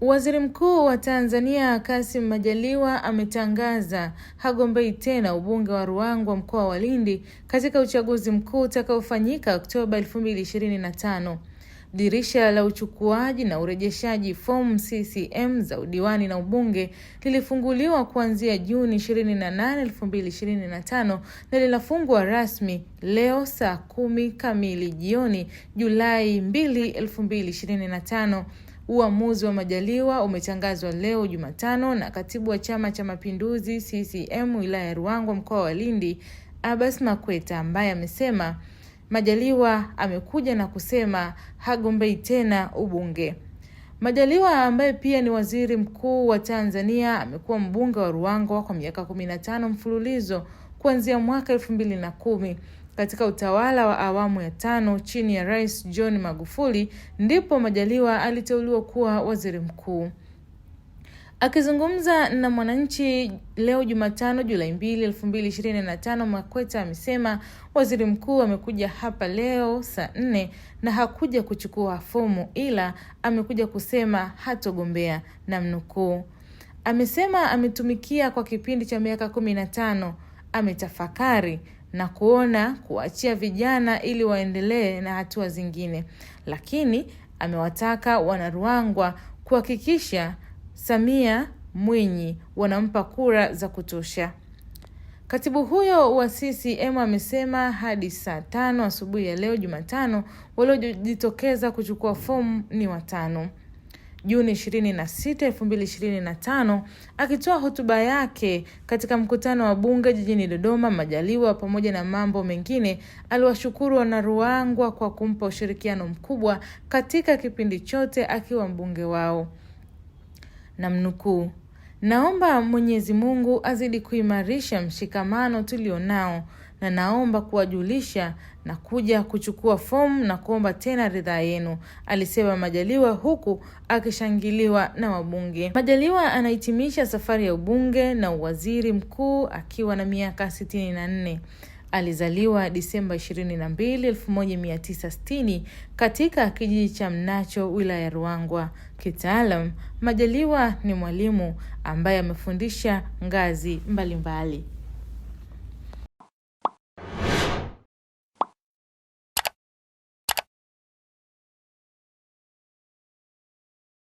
Waziri Mkuu wa Tanzania Kassim Majaliwa ametangaza hagombei tena ubunge wa Ruangwa mkoa wa Lindi katika uchaguzi mkuu utakaofanyika Oktoba 2025. Dirisha la uchukuaji na urejeshaji fomu CCM za udiwani na ubunge lilifunguliwa kuanzia Juni 28, 2025 na linafungwa rasmi leo saa kumi kamili jioni Julai 2, 2025. Uamuzi wa Majaliwa umetangazwa leo Jumatano na katibu wa Chama cha Mapinduzi CCM wilaya ya Ruangwa mkoa wa Lindi Abbas Makweta ambaye amesema Majaliwa amekuja na kusema hagombei tena ubunge. Majaliwa ambaye pia ni waziri mkuu wa Tanzania amekuwa mbunge wa Ruangwa kwa miaka tano mfululizo kuanzia mwaka elfu mbili na kumi katika utawala wa awamu ya tano chini ya Rais John Magufuli ndipo Majaliwa aliteuliwa kuwa waziri mkuu. Akizungumza na Mwananchi leo Jumatano Julai mbili elfu mbili ishirini na tano, Makweta amesema waziri mkuu amekuja hapa leo saa nne na hakuja kuchukua fomu, ila amekuja kusema hatogombea na mnukuu. Amesema ametumikia kwa kipindi cha miaka kumi na tano, ametafakari na kuona kuachia vijana ili waendelee na hatua zingine, lakini amewataka wanaruangwa kuhakikisha Samia Mwinyi wanampa kura za kutosha. Katibu huyo wa CCM amesema hadi saa tano asubuhi ya leo Jumatano, waliojitokeza kuchukua fomu ni watano. Juni 26, 2025 akitoa hotuba yake katika mkutano wa bunge jijini Dodoma, Majaliwa pamoja na mambo mengine aliwashukuru wanaruangwa kwa kumpa ushirikiano mkubwa katika kipindi chote akiwa mbunge wao. Namnukuu, naomba Mwenyezi Mungu azidi kuimarisha mshikamano tulionao na naomba kuwajulisha na kuja kuchukua fomu na kuomba tena ridhaa yenu, alisema Majaliwa huku akishangiliwa na wabunge. Majaliwa anahitimisha safari ya ubunge na uwaziri mkuu akiwa na miaka sitini na nne. Alizaliwa Disemba 22, 1960 katika kijiji cha Mnacho, wilaya ya Ruangwa. Kitaalam, Majaliwa ni mwalimu ambaye amefundisha ngazi mbalimbali mbali.